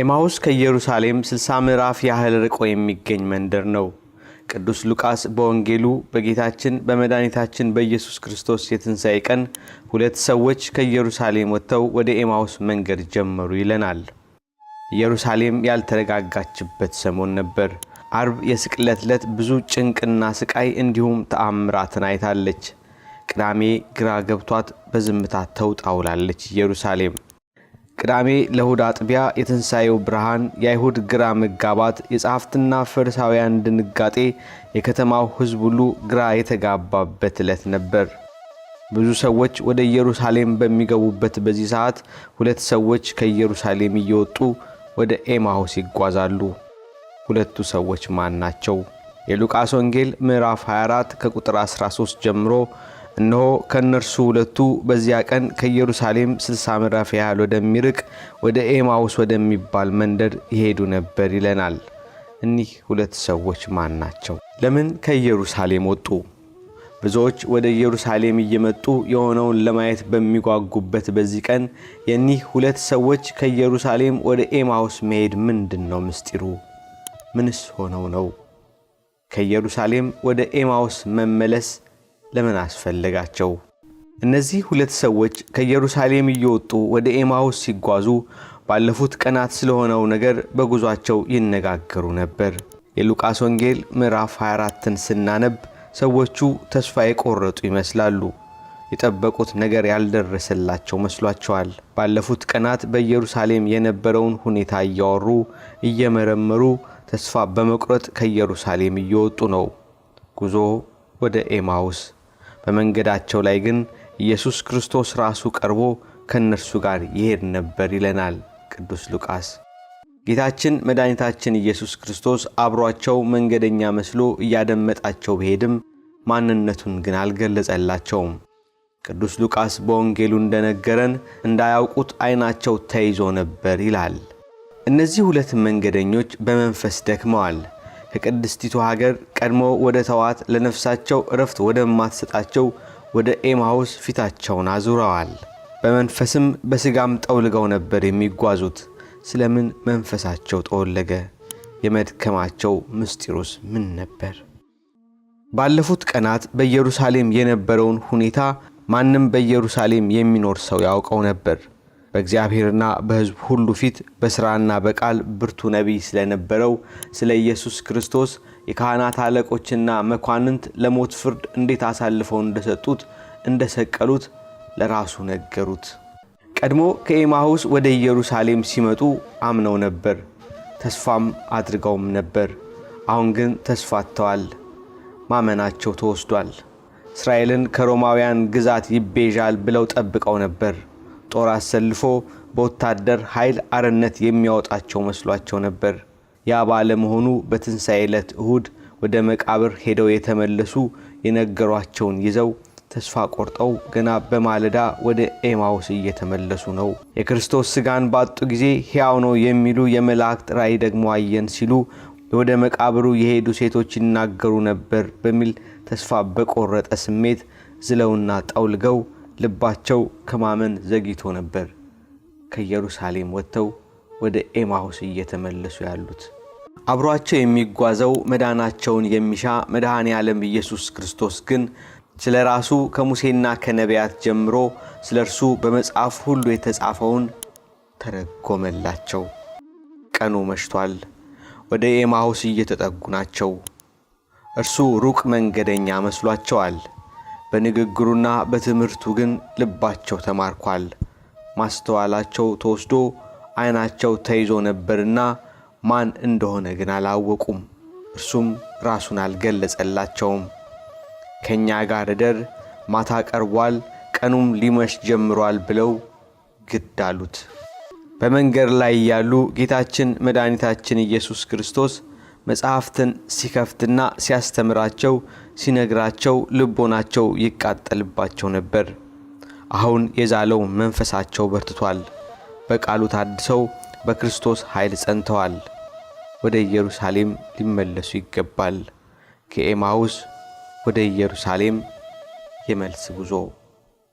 ኤማውስ ከኢየሩሳሌም 60 ምዕራፍ ያህል ርቆ የሚገኝ መንደር ነው። ቅዱስ ሉቃስ በወንጌሉ በጌታችን በመድኃኒታችን በኢየሱስ ክርስቶስ የትንሣኤ ቀን ሁለት ሰዎች ከኢየሩሳሌም ወጥተው ወደ ኤማውስ መንገድ ጀመሩ ይለናል። ኢየሩሳሌም ያልተረጋጋችበት ሰሞን ነበር። አርብ የስቅለት ዕለት ብዙ ጭንቅና ስቃይ እንዲሁም ተአምራትን አይታለች። ቅዳሜ ግራ ገብቷት በዝምታ ተውጣውላለች ኢየሩሳሌም ቅዳሜ ለእሁድ አጥቢያ የትንሣኤው ብርሃን፣ የአይሁድ ግራ መጋባት፣ የጸሐፍትና ፈሪሳውያን ድንጋጤ፣ የከተማው ሕዝብ ሁሉ ግራ የተጋባበት ዕለት ነበር። ብዙ ሰዎች ወደ ኢየሩሳሌም በሚገቡበት በዚህ ሰዓት ሁለት ሰዎች ከኢየሩሳሌም እየወጡ ወደ ኤማሁስ ይጓዛሉ። ሁለቱ ሰዎች ማን ናቸው? የሉቃስ ወንጌል ምዕራፍ 24 ከቁጥር 13 ጀምሮ እነሆ ከእነርሱ ሁለቱ በዚያ ቀን ከኢየሩሳሌም ስልሳ ምዕራፍ ያህል ወደሚርቅ ወደ ኤማውስ ወደሚባል መንደር ይሄዱ ነበር ይለናል። እኒህ ሁለት ሰዎች ማን ናቸው? ለምን ከኢየሩሳሌም ወጡ? ብዙዎች ወደ ኢየሩሳሌም እየመጡ የሆነውን ለማየት በሚጓጉበት በዚህ ቀን የኒህ ሁለት ሰዎች ከኢየሩሳሌም ወደ ኤማውስ መሄድ ምንድን ነው ምስጢሩ? ምንስ ሆነው ነው ከኢየሩሳሌም ወደ ኤማውስ መመለስ ለምን አስፈለጋቸው? እነዚህ ሁለት ሰዎች ከኢየሩሳሌም እየወጡ ወደ ኤማውስ ሲጓዙ ባለፉት ቀናት ስለሆነው ነገር በጉዟቸው ይነጋገሩ ነበር። የሉቃስ ወንጌል ምዕራፍ 24ን ስናነብ ሰዎቹ ተስፋ የቆረጡ ይመስላሉ። የጠበቁት ነገር ያልደረሰላቸው መስሏቸዋል። ባለፉት ቀናት በኢየሩሳሌም የነበረውን ሁኔታ እያወሩ እየመረመሩ ተስፋ በመቁረጥ ከኢየሩሳሌም እየወጡ ነው። ጉዞ ወደ ኤማውስ በመንገዳቸው ላይ ግን ኢየሱስ ክርስቶስ ራሱ ቀርቦ ከእነርሱ ጋር ይሄድ ነበር ይለናል ቅዱስ ሉቃስ። ጌታችን መድኃኒታችን ኢየሱስ ክርስቶስ አብሯቸው መንገደኛ መስሎ እያደመጣቸው ብሄድም ማንነቱን ግን አልገለጸላቸውም። ቅዱስ ሉቃስ በወንጌሉ እንደነገረን እንዳያውቁት ዐይናቸው ተይዞ ነበር ይላል። እነዚህ ሁለት መንገደኞች በመንፈስ ደክመዋል። ከቅድስቲቱ ሀገር ቀድሞ ወደ ተዋት ለነፍሳቸው እረፍት ወደማትሰጣቸው ወደ ኤማውስ ፊታቸውን አዙረዋል። በመንፈስም በሥጋም ጠውልገው ነበር የሚጓዙት። ስለምን መንፈሳቸው ጠወለገ? የመድከማቸው ምስጢሩስ ምን ነበር? ባለፉት ቀናት በኢየሩሳሌም የነበረውን ሁኔታ ማንም በኢየሩሳሌም የሚኖር ሰው ያውቀው ነበር። በእግዚአብሔርና በሕዝብ ሁሉ ፊት በሥራና በቃል ብርቱ ነቢይ ስለነበረው ስለ ኢየሱስ ክርስቶስ የካህናት አለቆችና መኳንንት ለሞት ፍርድ እንዴት አሳልፈው እንደሰጡት እንደሰቀሉት ለራሱ ነገሩት። ቀድሞ ከኤማሁስ ወደ ኢየሩሳሌም ሲመጡ አምነው ነበር፣ ተስፋም አድርገውም ነበር። አሁን ግን ተስፋ አጥተዋል፣ ማመናቸው ተወስዷል። እስራኤልን ከሮማውያን ግዛት ይቤዣል ብለው ጠብቀው ነበር። ጦር አሰልፎ በወታደር ኃይል አርነት የሚያወጣቸው መስሏቸው ነበር። ያ ባለመሆኑ በትንሣኤ ዕለት እሁድ ወደ መቃብር ሄደው የተመለሱ የነገሯቸውን ይዘው ተስፋ ቆርጠው ገና በማለዳ ወደ ኤማውስ እየተመለሱ ነው። የክርስቶስ ሥጋን ባጡ ጊዜ ሕያው ነው የሚሉ የመላእክት ራእይ ደግሞ አየን ሲሉ ወደ መቃብሩ የሄዱ ሴቶች ይናገሩ ነበር በሚል ተስፋ በቆረጠ ስሜት ዝለውና ጠውልገው ልባቸው ከማመን ዘግይቶ ነበር ከኢየሩሳሌም ወጥተው ወደ ኤማሁስ እየተመለሱ ያሉት። አብሯቸው የሚጓዘው መዳናቸውን የሚሻ መድኃኔ ዓለም ኢየሱስ ክርስቶስ ግን ስለ ራሱ ከሙሴና ከነቢያት ጀምሮ ስለ እርሱ በመጽሐፍ ሁሉ የተጻፈውን ተረጎመላቸው። ቀኑ መሽቷል። ወደ ኤማሁስ እየተጠጉ ናቸው። እርሱ ሩቅ መንገደኛ መስሏቸዋል። በንግግሩና በትምህርቱ ግን ልባቸው ተማርኳል። ማስተዋላቸው ተወስዶ ዓይናቸው ተይዞ ነበርና ማን እንደሆነ ግን አላወቁም። እርሱም ራሱን አልገለጸላቸውም። ከእኛ ጋር እደር፣ ማታ ቀርቧል፣ ቀኑም ሊመሽ ጀምሯል ብለው ግድ አሉት። በመንገድ ላይ ያሉ ጌታችን መድኃኒታችን ኢየሱስ ክርስቶስ መጽሐፍትን ሲከፍትና ሲያስተምራቸው ሲነግራቸው ልቦናቸው ይቃጠልባቸው ነበር። አሁን የዛለው መንፈሳቸው በርትቷል። በቃሉ ታድሰው በክርስቶስ ኃይል ጸንተዋል። ወደ ኢየሩሳሌም ሊመለሱ ይገባል። ከኤማውስ ወደ ኢየሩሳሌም የመልስ ጉዞ